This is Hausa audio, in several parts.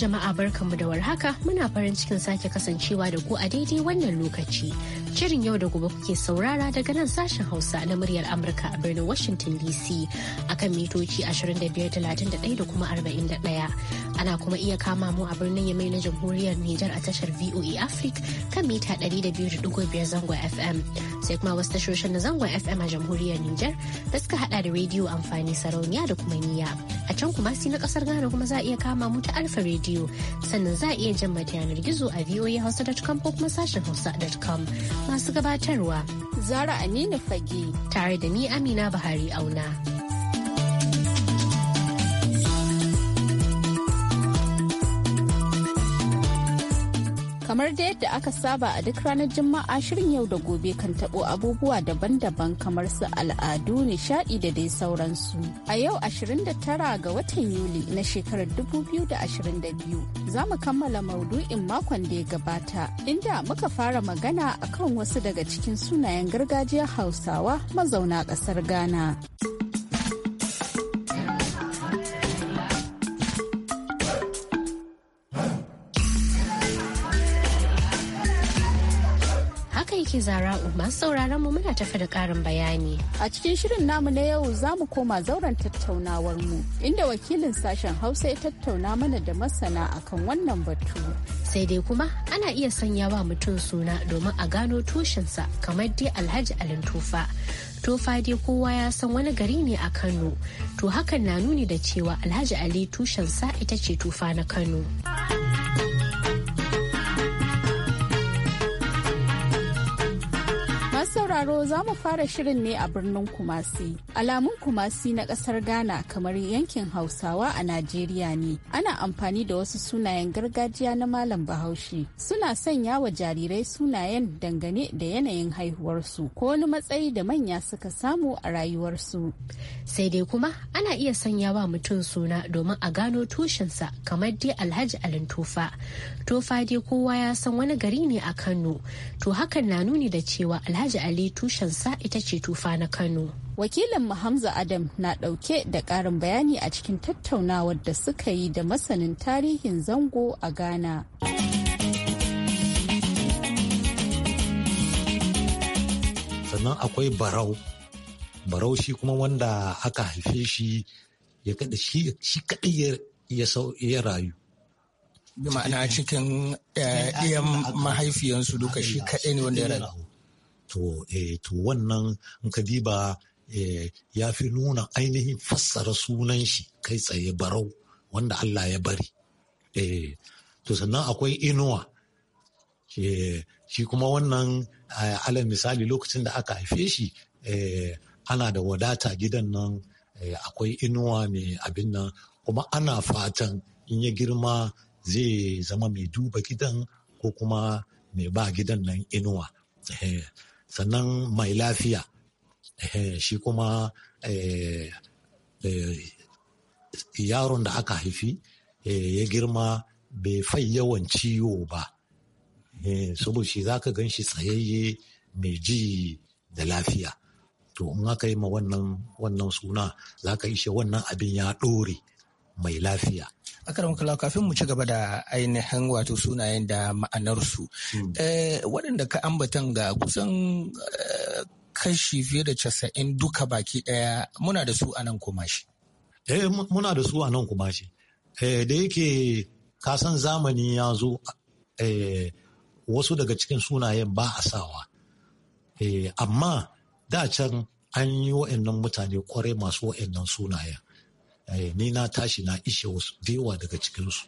jama'a barkanmu da warhaka muna farin cikin sake kasancewa da ku a daidai wannan lokaci. Shirin yau da gobe kuke saurara daga nan sashen Hausa na muryar Amurka a birnin Washington DC akan mitoci 25 da kuma 41. Ana kuma iya kama mu a birnin Yamai na Jamhuriyar Nijar a tashar VOA Africa kan mita 200.5 zangon FM. Sai kuma wasu tashoshin na zangon FM a Jamhuriyar Nijar da suka hada da rediyo amfani sarauniya da kuma niya. A can kuma si na kasar Ghana kuma za a iya kama mu ta Alfa rediyo sannan za a iya jan mata yanar gizo a voahausa.com ko kuma sashen hausa.com masu gabatarwa. Zara Aminu Fage. Tare da ni Amina Buhari Auna. Kamar da yadda aka saba a duk ranar Juma'a shirin yau da gobe kan tabo abubuwa daban-daban kamar su al'adu, nishadi da dai sauransu. A yau 29 ga watan Yuli na shekarar 2022 za mu kammala maudu'in makon da ya gabata inda muka fara magana akan wasu daga cikin sunayen gargajiyar Hausawa mazauna ƙasar Ghana. ke zara'u masu sauraron mu muna tafi da karin bayani. A cikin shirin namu na yau za mu koma zauren tattaunawar mu inda wakilin sashen Hausa ya tattauna mana da masana akan wannan batu. Sai dai kuma ana iya sanya wa mutum suna domin a gano tushensa kamar dai Alhaji Alin Tufa. tufa dai kowa ya san wani gari ne a Kano. To hakan na nuni da cewa Alhaji Ali tushensa ita ce tufa na Kano. sauraro za mu fara shirin ne a birnin Kumasi. Alamun Kumasi na ƙasar Ghana kamar yankin Hausawa a Najeriya ne. Ana amfani da wasu sunayen gargajiya na Malam Bahaushe. Suna sanya wa jarirai sunayen dangane da yanayin haihuwarsu ko wani matsayi da manya suka samu a rayuwarsu. Sai dai kuma ana iya sanya wa mutum suna domin a gano tushensa kamar dai Alhaji Alin tufa Tofa dai kowa ya san wani gari ne a Kano. To hakan na nuni da cewa Alhaji Ali tushen tushensa ita ce tufa na Kano. Wakilin mu Hamza Adam na ɗauke da ƙarin bayani a cikin tattaunawar da suka yi da masanin tarihin zango a Ghana. Sannan akwai barau. Barau shi kuma wanda aka haife shi ya kada shi kaɗai ya rayu. ma'ana cikin eh, iya mahaifiyansu duka shi kaɗai ne wanda ya rayu. to eh, to wannan in ka diba eh, ya fi nuna ainihin fassara sunan shi kai tsaye barau wanda Allah ya bari eh, to sannan akwai inuwa eh, shi kuma wannan eh, alal misali lokacin da aka haife shi eh, ana da wadata gidan nan akwai inuwa mai abin nan kuma ana fatan in ya girma zai zama mai duba gidan ko kuma mai ba gidan nan inuwa sannan mai lafiya eh, shi kuma eh, eh, yaron da aka haifi ya girma bai fai yawan ciwo ba saboda shi za ka gan shi tsayayye mai ji da lafiya to in aka yi ma wannan wannan suna za ka ishe wannan abin ya ɗore mai lafiya. akarar kula kafin mu ci gaba da ainihin wato sunayen da ma'anarsu hmm. eh, waɗanda ka ambatan ga kusan eh, kashi fiye da casa'in duka baki ɗaya muna da su a nan kuma shi. Eh muna da su a nan kuma shi. Eh, da yake kasan zamani ya zo wasu daga cikin sunayen ba a sawa. Amma da can an yi wa'annan mutane kwarai masu wa'annan sunayen. Eh, ni na tashi na ishe wasu dewa daga cikinsu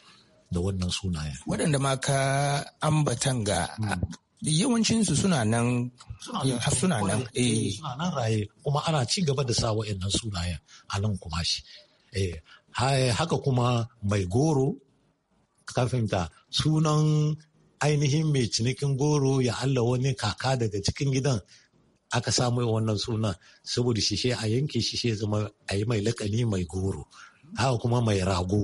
da wannan sunayen. Waɗanda ma ka ambatan ga hmm. yawancinsu suna nan eh. Eh, suna nan raye kuma ana ci gaba da sa wa'annan sunayen a nan kuma shi. Haka kuma mai goro kafinta sunan ainihin mai cinikin goro ya Allah wani kaka daga cikin gidan aka sa yi wannan suna saboda shishe a yanke shishe zama a yi mai lakani mai goro haka kuma mai rago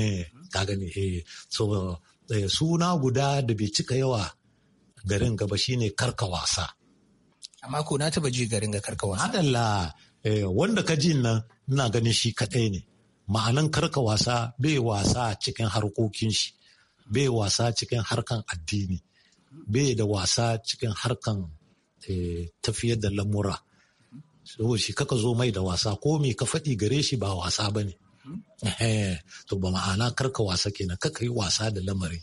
eh, ka gani eh so eh, suna guda da bai cika yawa garin gaba shine karka wasa amma ko na taba ji garin ga karka wasa adalla eh, wanda ka ji nan ina ganin shi kadai ne ma'anan karka wasa bai wasa cikin harkokin shi bai wasa cikin harkan addini bai da wasa cikin harkan Eh, tafiyar da lamura saboda shi kaka zo mai da wasa ko me ka faɗi gare shi ba wasa ba ne eh, to ba ma'ana karka wasa kenan kaka yi wasa da lamari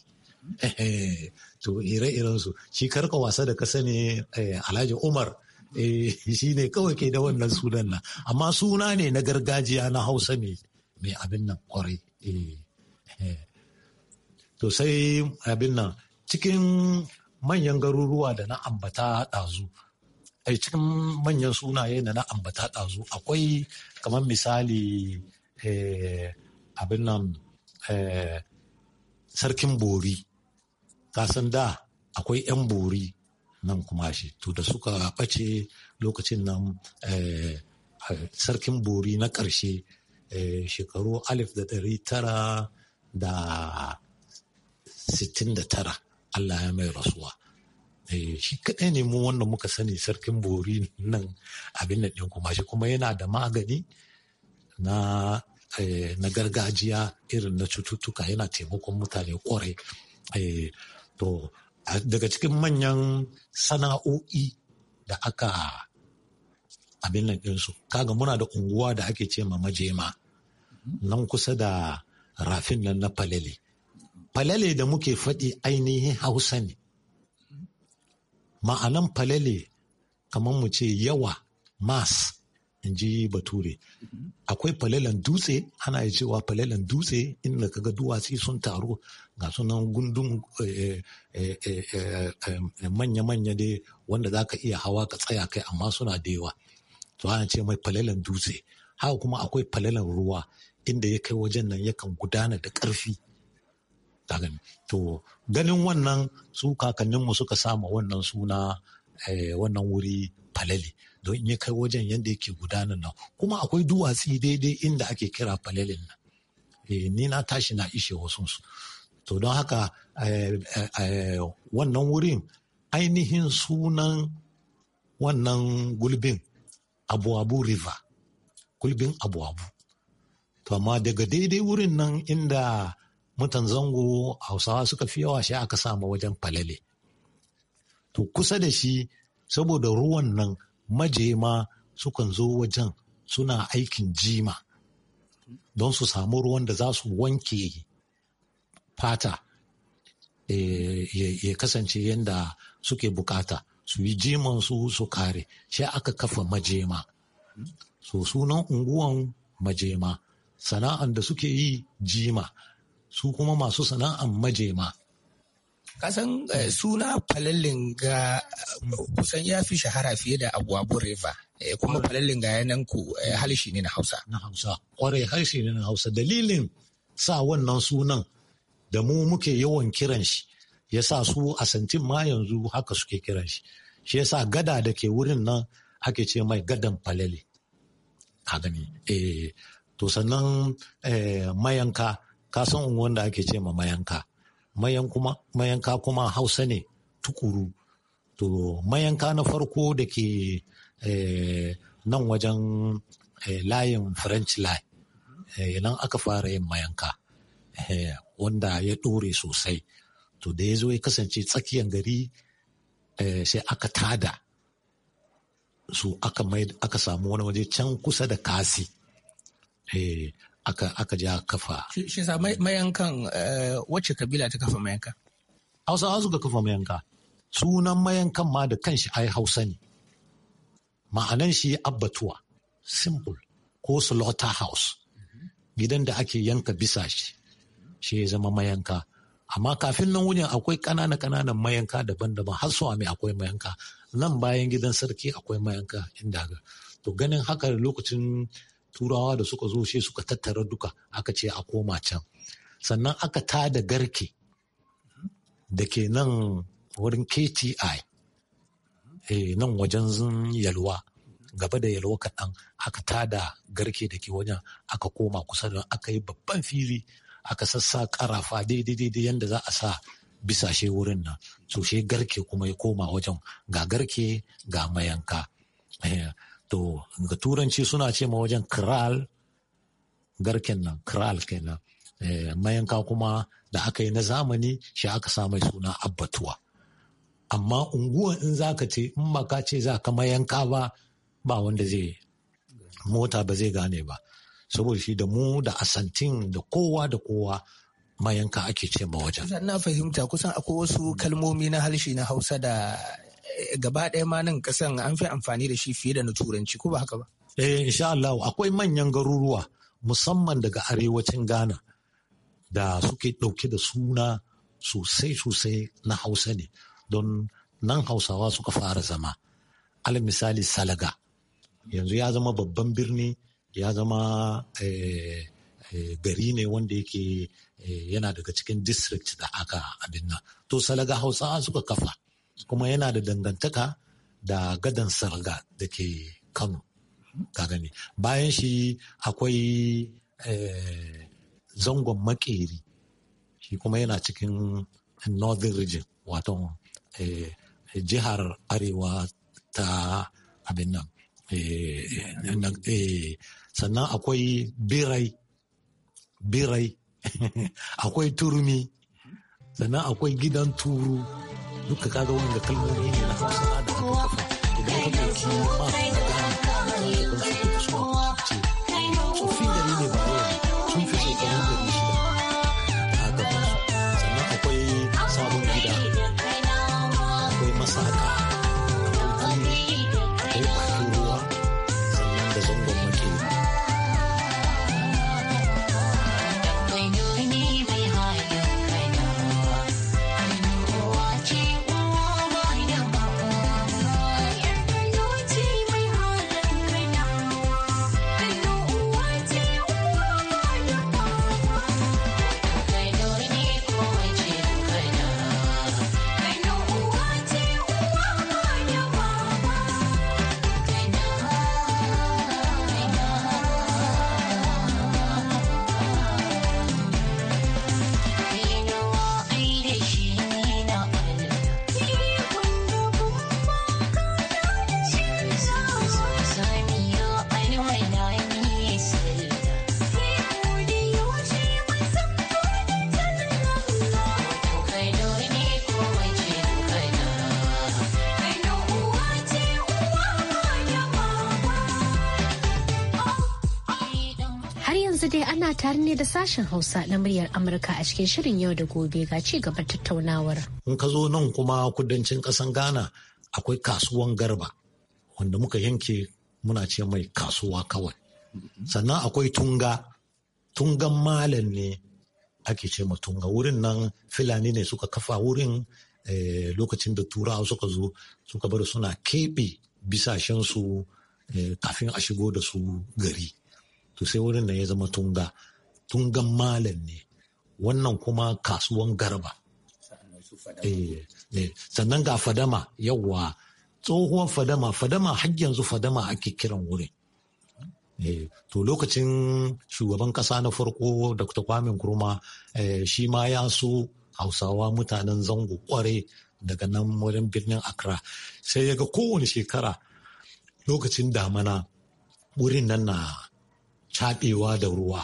eh, to ire-iren shi karka wasa da ka sani alhaji umar shi ne kawai ke da wannan sunan nan amma suna ne na gargajiya na hausa ne mai abin nan kwarai to sai abin nan cikin manyan garuruwa da na ambata ɗazu a eh, cikin manyan sunaye da na ambata ɗazu akwai kamar misali eh, abin nan eh, sarkin bori kasan da akwai 'yan bori nan kuma shi to da suka ɓace lokacin nan sarkin bori na ƙarshe shekaru alif da ɗari tara da sittin da tara Allah ya mai rasuwa eh, shi kaɗai ne mu wanda muka sani sarkin bori nan abin da ɗin kuma shi kuma yana da magani na eh, gargajiya irin na cututtuka yana taimakon mutane kwarai eh, to daga cikin manyan sana'o'i da aka abin nan ɗinsu kaga muna da unguwa da ake ce ma majema nan kusa da rafin nan na falele falale da muke faɗi ainihin hausa ne ma'anan falale kamar mu ce yawa mas in ji bature akwai falalen dutse ana yi cewa falalen dutse inda kaga duwatsi sun taru ga sunan gundun manya-manya eh, eh, eh, dai wanda za ka iya hawa ka tsaya kai amma suna da yawa to ana ce mai falalen dutse haka kuma akwai falalen ruwa inda ya kai wajen nan yakan gudana da ƙarfi to ganin wannan su kakanninmu suka sama wannan suna eh, wannan wuri falele. don in ya kai wajen yadda yake gudanar nan kuma akwai duwatsi daidai inda ake kira falalin nan eh, ni na tashi na ishe su. to don haka eh, wannan wurin ainihin sunan wannan gulbin abu-abu river gulbin abu-abu to amma daga daidai wurin nan inda mutan zango hausawa suka fi yawa shi aka samu wajen falale to kusa da shi saboda ruwan nan majema sukan zo wajen suna aikin jima don su samu ruwan da za su wanke fata eh, ya kasance yadda suke bukata su yi jiman su su kare shi aka kafa majema so sunan unguwan majema sana'an da suke yi jima su kuma masu sana'an majema. Kasan eh, suna falallin ga kusan ya fi shahara fiye da abubuwan river. Eh, kuma falallin ga yanan ku eh, halishi ne na Hausa. Na Hausa, kwarai halishi ne na Hausa. Dalilin sa wannan sunan da mu muke yawan kiran shi, ya sa su a santin ma yanzu haka suke kiran shi. Shi ya sa gada da ke wurin nan ake ce mai gadan falale. Ka gani, eh, to sannan mayanka ka san unguwan ake ce ma mayanka mayan kuma mayanka kuma hausa ne tukuru to mayanka na farko da ke eh, nan wajen eh, layin french line idan eh, aka fara yin mayanka wanda ya ɗore sosai to da ya zo ya kasance tsakiyar gari sai aka tada su aka samu wani waje can kusa da kasi aka aka ja kafa shi sa mayankan eh, wacce kabila ta kafa mayanka hausawa suka kafa mayanka sunan mayankan ma da kanshi ai hausa ne ma'anan shi abbatuwa simple ko slaughter house gidan da ake yanka bisa shi shi ya zama mayanka amma kafin nan wujen akwai ƙanana ƙananan mayanka daban-daban har su akwai mayanka nan bayan gidan sarki akwai mayanka inda to ganin haka lokacin turawa da suka zo sai suka tattara duka aka ce a koma can sannan aka tada garke da ke nan wurin kti eh, nan wajen yalwa gaba da yalwa kaɗan aka tada garke da ke wajen aka koma kusa da aka yi babban fili aka sassa karafa daidai yadda za a sa bisashe wurin nan so garke kuma ya koma wajen ga garke ga mayanka eh, to ga turanci suna ce ma wajen kral garken nan kral kenan eh, mayanka kuma da aka yi na zamani shi aka samu suna abbatuwa amma unguwa in za ka ce in maka ce za ka mayanka ba ba wanda zai mota ba zai gane ba saboda shi da mu da asantin da kowa da kowa mayanka ake ce ma wajen. na fahimta kusan akwai wasu kalmomi na harshe na hausa da gaba ɗaya ma nan ƙasan an fi amfani da shi fiye da na turanci ko ba haka ba. Eh insha Allah akwai manyan garuruwa musamman daga arewacin Ghana da suke ɗauke da suna sosai sosai na Hausa ne don nan Hausawa suka fara zama. Alal misali Salaga yanzu ya zama babban birni ya zama eh, eh, gari ne wanda yake eh, yana daga cikin district da aka abin nan to salaga hausawa suka kafa kuma yana da dangantaka da gadan sarga da ke kano ka gani bayan shi akwai eh, zangon makeri shi kuma yana cikin northern region wato eh, jihar arewa ta abin nan eh, sannan akwai birai birai akwai turmi sannan akwai gidan turu duka kaga wanda kalmomi ne na hausa da aka kafa idan ka ɗauki ma tare ne da sashen Hausa na muryar Amurka a cikin shirin yau da gobe ga ci gaba tattaunawar. In ka zo nan kuma kudancin kasan Ghana akwai kasuwan garba wanda muka yanke muna ce mai kasuwa kawai. Sannan akwai tunga, tungan malam ne ake ce ma tunga wurin nan Fulani ne suka kafa wurin eh, lokacin da turawa suka zo suka bari suna keɓe bisashensu eh, kafin a shigo da su gari. to sai wurin nan ya zama tunga tungan malam ne wannan kuma kasuwan garba eh, eh, sannan ga fadama yawwa tsohuwar fadama fadama har yanzu fadama ake kiran wurin eh, to lokacin shugaban kasa na farko dr kwame kurma shi ma ya so hausawa mutanen zango kware daga nan wajen birnin accra sai ya ga kowane shekara lokacin damana wurin nan na caɓewa da ruwa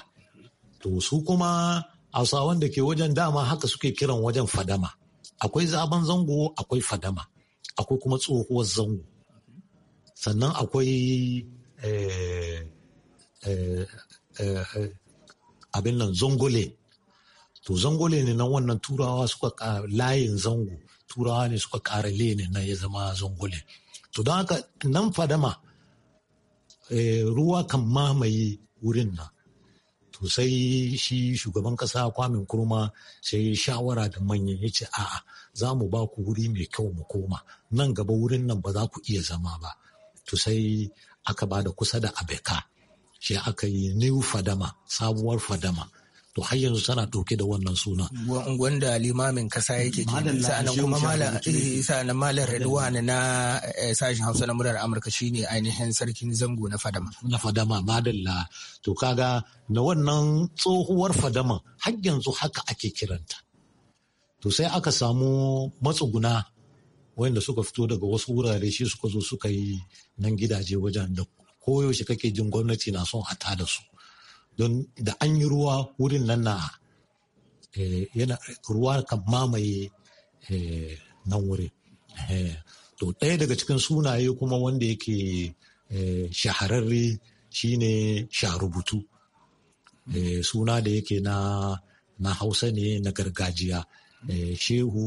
To su kuma Hausawan da ke wajen dama haka suke kiran wajen fadama. Akwai zaben zango akwai fadama. Akwai kuma tsohuwar zango. Sannan akwai eh, eh, eh, abin nan zangole To zangole ne nan wannan turawa suka layin zango. Turawa ne suka ƙara ne na ya zama zangole To don haka nan fadama ruwa kan mamaye wurin nan. to shi shugaban kasa kwamin kurma sai shawara da manyan ya ce a'a za mu ba ku wuri mai kyau mu koma nan gaba wurin nan ba za ku iya zama ba to sai aka ba da kusa da abeka shi aka yi new fadama sabuwar fadama to har yanzu tana ɗauke da wannan suna. Wanda limamin kasa yake ke sa'anan malar Redwan na eh, sashen Hausa na murar Amurka shine ainihin sarkin zango na fadama. Na fadama madalla to kaga na wannan tsohuwar fadama har yanzu haka ake kiranta. To sai aka samu matsuguna wanda suka fito daga wasu wurare shi suka zo suka yi nan gidaje wajen da koyaushe kake jin gwamnati na son a da su. don da an yi ruwa wurin nan na eh, yana ruwa kan mamaye eh, nan wurin eh, to ɗaya daga cikin sunaye kuma wanda yake shahararre shine sharubutu suna da yake na na hausa ne na gargajiya shehu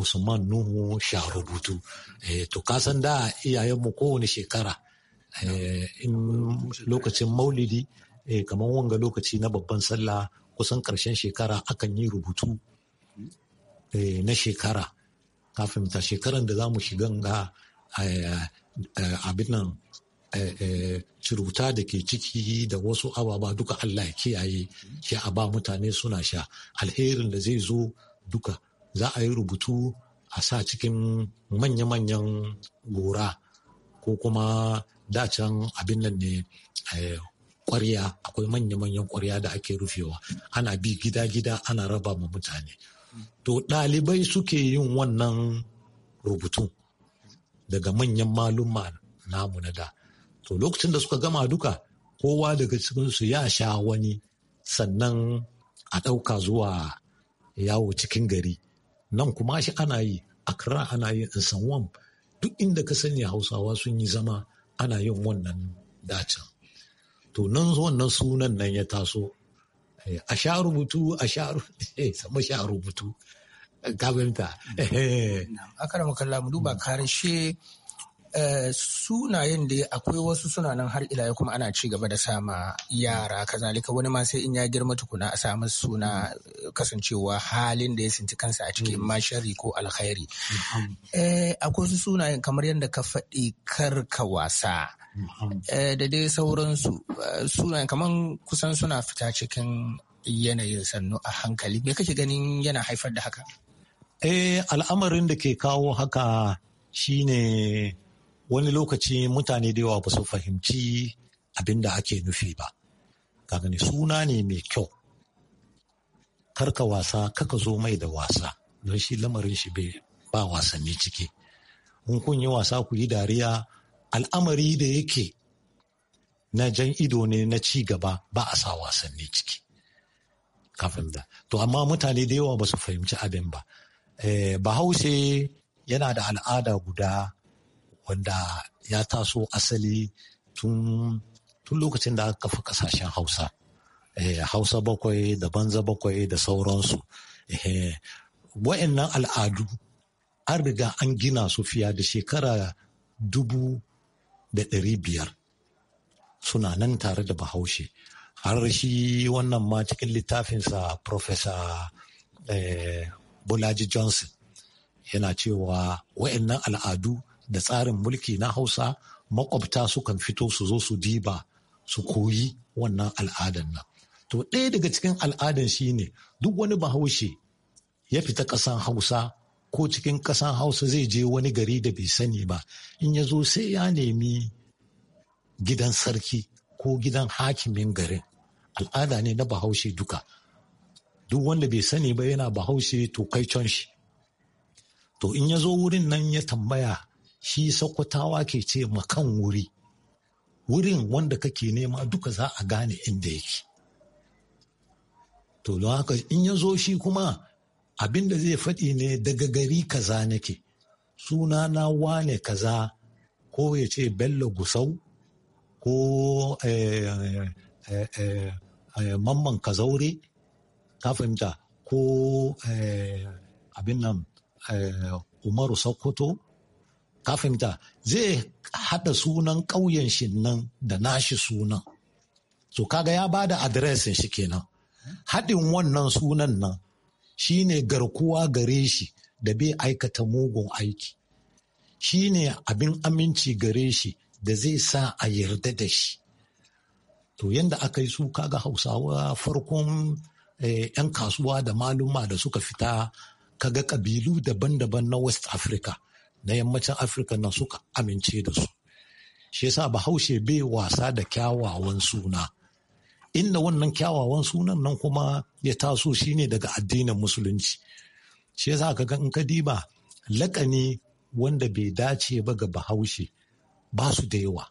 usman nuhu sharubutu to kasan da iyayenmu kowane shekara in lokacin maulidi eh, kamar wanga lokaci na babban sallah kusan ƙarshen shekara akan yi rubutu eh, na shekara kafin ta shekaran da za mu shiga ga eh, eh, abin nan eh, ciruta da ke ciki da wasu ababa duka Allah ya kiyaye shi a ba mutane suna sha alherin da zai zo duka za a yi rubutu a sa cikin manya-manyan gora ko kuma dacan abin nan ne kwarya akwai manya-manyan kwarya da ake rufewa ana bi gida-gida ana raba ma mutane to ɗalibai suke yin wannan rubutu daga manyan maluma namu na da to lokacin da suka gama duka kowa daga cikinsu ya sha wani sannan a ɗauka zuwa yawo cikin gari nan kuma shi ana yi akra ana yi wam, duk inda ka sani hausawa sun yi zama ana yin wannan dacin to nan wannan sunan nan ya taso eh, a sha rubutu a sha sama eh, sha rubutu gabinta fahimta eh. akara kalla mu duba karshe sunayen da akwai wasu sunanan har ila kuma ana ci gaba da sama yara kazalika wani ma sai in ya girma tukuna a samu suna kasancewa halin da ya sinci kansa a cikin mm. mashari ko alkhairi mm. akwai wasu sunayen kamar yadda ka faɗi karka wasa Eh, da dai sauransu eh, suna kamar kusan suna fita cikin yanayin sannu a hankali me kake ganin yana haifar da haka eh al'amarin da ke kawo haka shine wani lokaci mutane da yawa ba su fahimci abin da ake nufi ba ka gani suna ne mai kyau karka wasa kaka zo mai da wasa don shi lamarin shi ba wasanni ciki in kun yi wasa ku yi dariya al'amari da yake na jan ido ne na ci gaba ba a sa wasanni ciki kafin da to amma mutane da yawa ba su fahimci abin ba eh, bahaushe yana da al'ada guda wanda ya taso asali tun lokacin da aka kafa kasashen hausa eh, hausa bakwai da banza bakwai da sauransu eh, wa'annan al'adu an riga an gina su fiya da shekara dubu da ɗari biyar suna nan tare da bahaushe har shi wannan ma cikin littafinsa professor eh, bolaji johnson yana cewa wa'annan al'adu da tsarin mulki na hausa makwabta sukan fito su zo su diba su koyi wannan al'adan nan to ɗaya daga cikin al'adan shi ne duk wani bahaushe ya fita ƙasan hausa ko cikin ƙasan hausa zai je wani gari da bai sani ba in ya zo sai ya nemi gidan sarki ko gidan hakimin garin al'ada ne na bahaushe duka duk wanda bai sani ba yana bahaushe to kai can shi to in ya zo wurin nan ya tambaya shi sakwatawa ke ce makan wuri wurin wanda kake nema duka za a gane inda yake to don haka in ya zo shi kuma abin da zai faɗi ne daga gari kaza nake suna na wane kaza ko ya ce bello gusau ko eh, eh, eh, mamman kazaure ta fahimta ko abin nan umaru sokoto ka fahimta zai haɗa sunan ƙauyen shi nan da nashi sunan So kaga ya bada da shi kenan haɗin wannan sunan nan shine garkuwa gare shi da bai aikata mugun aiki shine abin aminci gare shi da zai sa a yarda da shi to yadda aka yi su kaga hausawa farkon eh, 'yan kasuwa da maluma da suka fita kaga kabilu daban-daban na west africa na yammacin afirka na suka amince da su shi yasa bahaushe bai wasa da kyawawan suna inda wannan kyawawan sunan nan kuma ya taso shine daga addinin musulunci shi yasa ka ga in ka diba laƙani wanda bai dace ba ga bahaushe ba su da yawa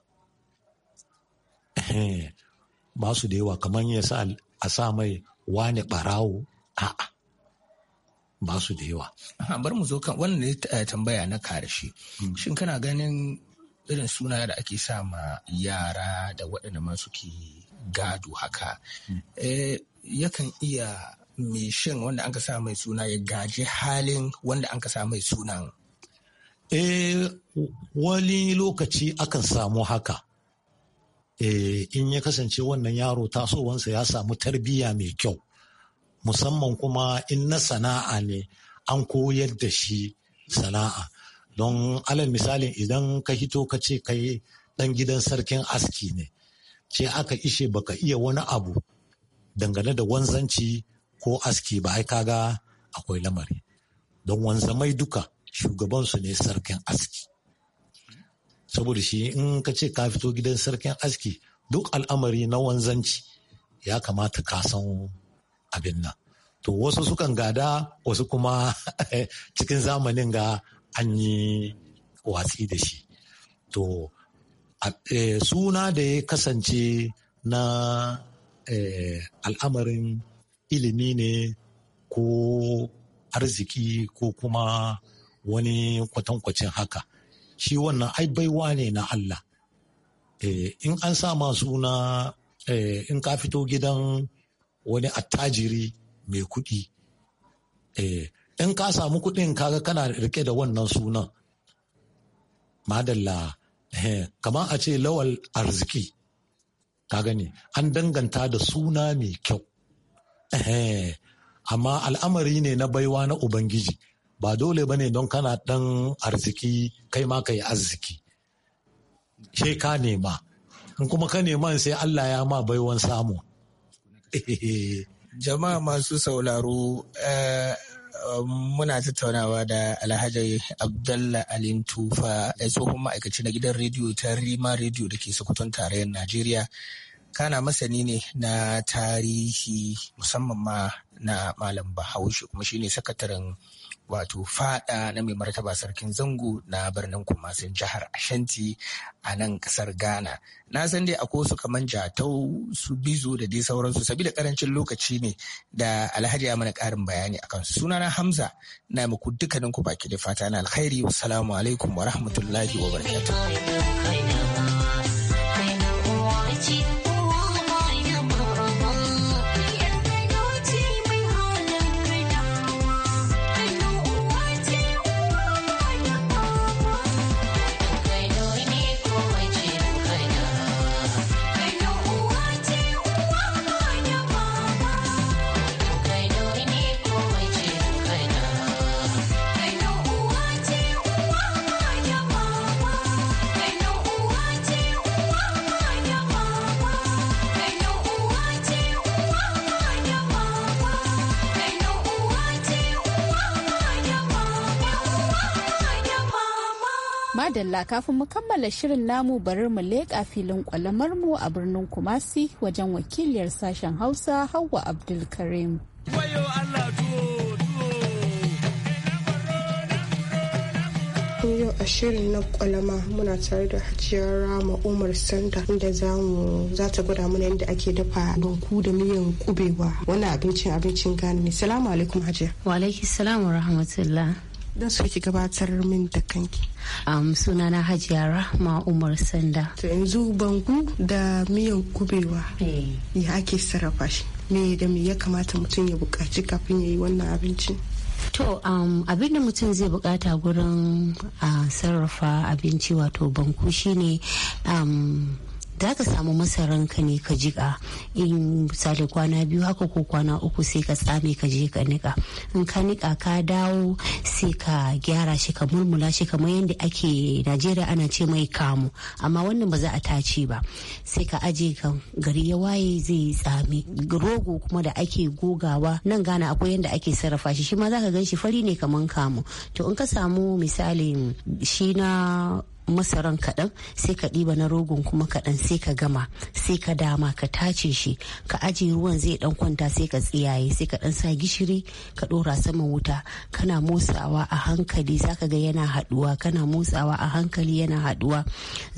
ba su da yawa kamar ya sa a sa mai wane barawo a ba su da yawa bar mu zo kan wannan eh, tambaya na karshe hmm. shin kana ganin irin suna da ake sa ma yara da waɗanda ma suke gado haka hmm. eh, yakan iya mai shan wanda an ka sa mai suna ya gaji halin wanda an ka sa mai suna. Eh wani lokaci akan samu haka. Eh in ya kasance wannan yaro tasowansa ya samu tarbiyya mai kyau. Musamman kuma in na sana'a ne an koyar da shi sana'a. Don alal misalin idan ka hito ka ce ka yi ɗan gidan sarkin aski ne. Ce aka ishe baka iya wani abu. dangane da wanzanci ko aski ba ai kaga akwai lamari don wanzamai duka shugabansu ne sarkin aski saboda shi in ka ce ka fito gidan sarkin aski duk al'amari na wanzanci ya kamata ka san abin nan to wasu sukan gada wasu kuma cikin zamanin ga an yi watsi da shi to eh, suna da ya kasance na Eh, al'amarin ilimi ne ko arziki ko kuma wani kwatankwacin haka shi wannan ai baiwa ne na Allah eh, in an sa ma suna eh, in ka fito gidan wani attajiri mai kuɗi in ka samu kuɗin kaga kana rike da wannan sunan madalla kamar a ce lawal arziki ka gani an danganta da suna mai kyau amma al'amari ne na baiwa na ubangiji ba dole ba ne don kana ɗan arziki kai ma ka arziki ce ka nema in kuma ka nema sai allah ya ma baiwan samu jama'a masu sauraro eh, Um, muna tattaunawa da Alhaji Abdalla Alim Tufa eh, tsohon ma'aikaci na gidan rediyo ta Rima rediyo da ke Sokoton tarayyar Najeriya. Kana masani ne na tarihi musamman ma na Malam Bahaushe kuma shine sakataren wato fada na mai martaba sarkin zango na birnin kumasin jihar ashanti a nan kasar ghana na san dai a wasu kaman jatau su bizo da dai sauransu sabida karancin lokaci ne da alhaji ya mana karin bayani akan sunana hamza na muku dukkanin ku baki da fata na alkhairi wassalamu alaikum wa rahmatullahi wa barakatuh madalla kafin mu kammala shirin namu bari mu leƙa filin kwalamar mu a birnin Kumasi wajen wakiliyar sashen Hausa Hauwa Abdulkarim. tun yau a shirin na kwalama muna tare da hajiyar rama umar sanda inda za mu za ta gwada mana yadda ake dafa banku da miyan kubewa wani abincin abincin gani salamu alaikum hajiya wa alaikis salam rahmatullah don su ki gabatar min da kanki. Um, sunana Hajiya Rahma Umar Sanda. To yanzu bangu da miyan kubewa eh. ya ake sarrafa shi. Me da me ya kamata mutum ya buƙaci kafin ya yi wannan abinci? To um, abin da mutum zai bukata gurin uh, sarrafa abinci wato banku shine um, za ka samu masaranka ne ka jiƙa in misali kwana biyu haka ko kwana uku sai ka tsame ka je ka niƙa in ka niƙa ka dawo sai ka gyara shi ka mulmula shi kamar yadda ake najeriya ana ce mai kamu amma wannan ba za a tace ba sai ka aje ka gari ya waye zai tsame rogo kuma da ake gogawa nan gana akwai yadda ake sarrafa shi shi ma za ka gan shi fari ne kamar kamu to in ka samu misali shi na masaran kaɗan sai ka ɗiba na rogon kuma kaɗan sai ka gama sai ka dama ka tace shi ka ajiye ruwan zai ɗan kwanta sai ka tsiyaye sai ka ɗan sa gishiri ka ɗora saman wuta kana motsawa a hankali zaka ga yana haɗuwa kana motsawa a hankali yana haɗuwa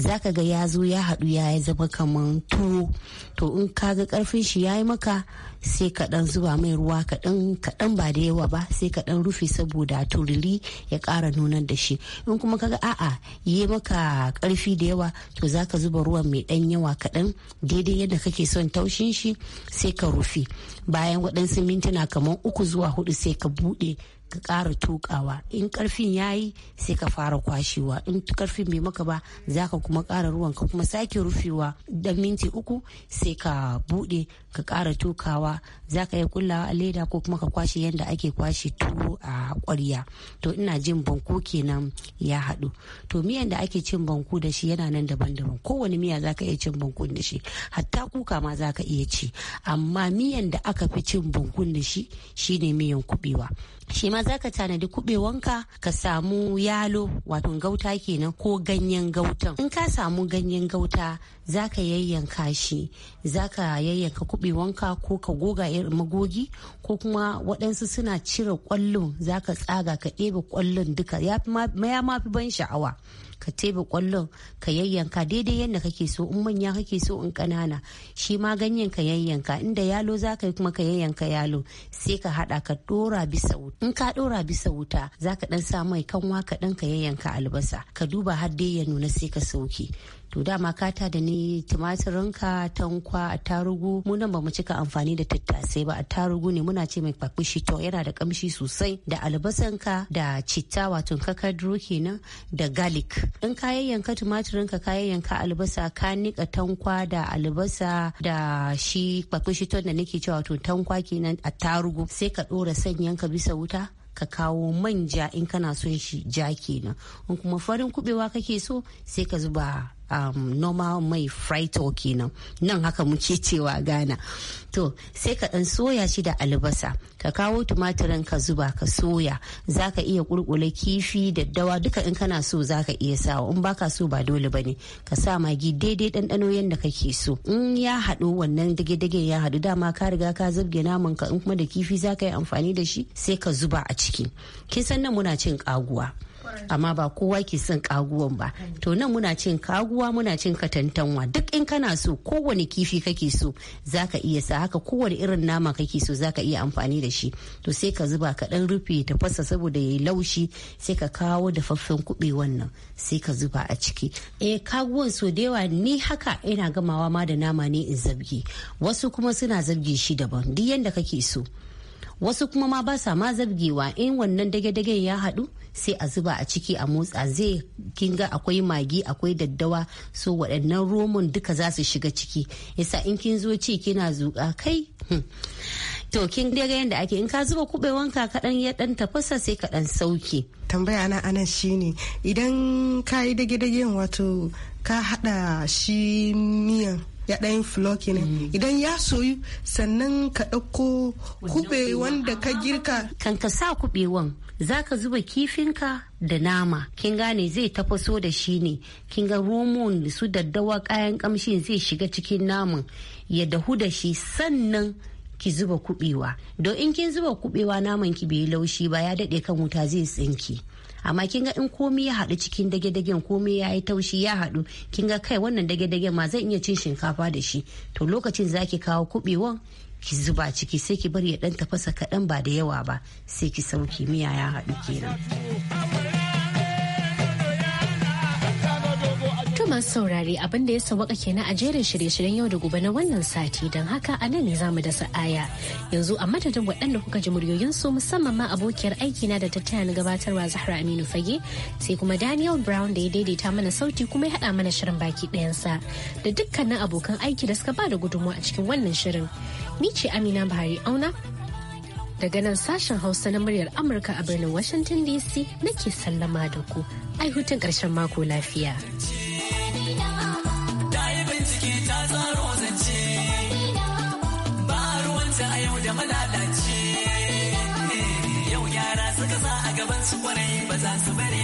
zaka ga ya zo ya haɗu ya zama kaman tuwo to in ka ga ƙarfin shi ya yi maka sai ka ɗan zuba mai ruwa kaɗan kaɗan ba da yawa ba sai ka ɗan rufe saboda tururi ya ƙara nunar da shi in kuma ka ga a'a yi maka karfi da yawa to za ka zuba ruwan mai dan yawa kaɗan daidai yadda kake son taushin shi sai ka rufe bayan waɗansu mintuna kamar uku zuwa hudu sai ka buɗe ka ƙara tukawa in ƙarfin ya yi sai ka fara kwashewa in karfin bai maka ba za ka kuma ƙara ruwan ka kuma sake rufewa dan minti uku sai ka buɗe ka ƙara tukawa za ka yi kullawa a leda ko kuma ka kwashe yadda ake kwashe tuwo a ƙwarya to ina jin banku kenan ya haɗu to miyan da ake cin banku da shi yana nan daban-daban kowane miya za ka iya cin bankun da shi hatta kuka ma za ka iya ci amma miyan da aka fi cin banku da shi shine miyan kuɓewa shi ma za ka tanadi kuɓewanka ka samu yalo wato gauta kenan ko ganyen gautan in ka samu ganyen gauta za ka yayyanka shi za ka yayyanka kuɓe ɗebe wanka ko ka goga irin magogi ko kuma waɗansu suna cire kwallon ka tsaga ka ɗebe kwallon duka ya ma fi ban sha'awa ka tebe kwallon ka yayyanka daidai yadda kake so in manya kake so in kanana shi ma ganyen ka yayyanka inda yalo za ka yi kuma ka yayyanka yalo sai ka hada ka dora bisa wuta in ka dora bisa wuta za ka dan sa mai kanwa ka dan ka yayyanka albasa ka duba har dai ya nuna sai ka sauke to dama kata da ni tumatirinka tankwa a tarugu mu nan mu cika amfani da tattasai ba a tarugu ne muna ce mai kwakushi to yana da kamshi sosai da albasan ka da citta wato kakadro kenan da garlic in ka yayyanka tumatirin ka yayyanka albasa ka nika tankwa da albasa da shi kwakwishiton da nake cewa to tankwa kenan a tarugu sai ka dora sanyan ka bisa wuta ka kawo manja in kana son shi ja kenan in kuma farin kubewa kake so sai ka zuba um, normal mai fraito kenan nan haka muke cewa ghana to sai ka dan soya shi da albasa ka kawo tumatirin ka zuba ka soya zaka iya kurkula kifi da dawa duka in kana so zaka iya sawa in baka so ba dole bane ka sa magi daidai ɗanɗano yadda kake so in ya haɗu wannan dage-dage ya haɗu dama ka riga ka zabge naman ka in kuma da kifi zaka yi amfani da shi sai ka zuba a ciki kin san nan muna cin kaguwa amma ba kowa ke son kaguwan ba to nan muna cin kaguwa muna cin katantanwa duk in kana so kowane kifi kake so zaka iya sa haka kowane irin nama kake so zaka iya amfani da shi to sai ka zuba ka dan rufe ta fasa saboda yayi laushi sai ka kawo da faffen kube wannan sai ka zuba a ciki eh kaguwan so da yawa ni haka ina gamawa ma da nama ne in zabge wasu kuma suna zabge shi daban duk yanda kake so wasu kuma ma ba sa ma zabgewa in wannan dage-dage ya haɗu sai a zuba a ciki a motsa zai kinga akwai magi akwai daddawa so waɗannan romon duka za su shiga ciki yasa in kin zo ci kina zuƙa kai hmm. to kin dai yadda ake in ka zuba wanka kaɗan ya ɗan tafasa sai kaɗan sauke tambaya na anan shine idan ka yi dage dage wato ka haɗa shi miyan ya ɗayin floki ne hmm. idan ya soyu sannan ka ɗauko kube wanda ka girka kan ka sa kubewan za ka zuba kifinka da nama kin gane zai tafaso da shi ne kin ga romon su daddawa kayan kamshin zai shiga cikin naman ya dahu da shi sannan ki zuba kubewa don in kin zuba kubewa naman ki bai laushi ba ya dade kan wuta zai tsinki amma kin ga in komai ya haɗu cikin dage-dagen komai ya yi taushi ya haɗu kin ga kai wannan dage-dagen ma zan iya cin shinkafa da shi to lokacin zaki kawo kubewan ki zuba ciki sai ki bari ya ɗan tafasa kaɗan ba da yawa ba sai ki sauki miya ya haɗu kenan. masu saurare abin da ya sawaka kenan a jerin shirye-shiryen yau da gobe na wannan sati don haka a nan ne za mu dasa aya yanzu a madadin waɗanda kuka ji muryoyin su musamman ma abokiyar aiki na da ta taya ni gabatarwa zahra aminu fage sai kuma daniel brown da ya daidaita mana sauti kuma ya haɗa mana shirin baki ɗayansa da dukkanin abokan aiki da suka ba da gudunmawa a cikin wannan shirin ni ce Amina Bahari Auna daga nan sashen Hausa na muryar Amurka a birnin Washington DC nake sallama da ku. Ai hutun ƙarshen mako lafiya. yau yara suka a gaban su ba za su bari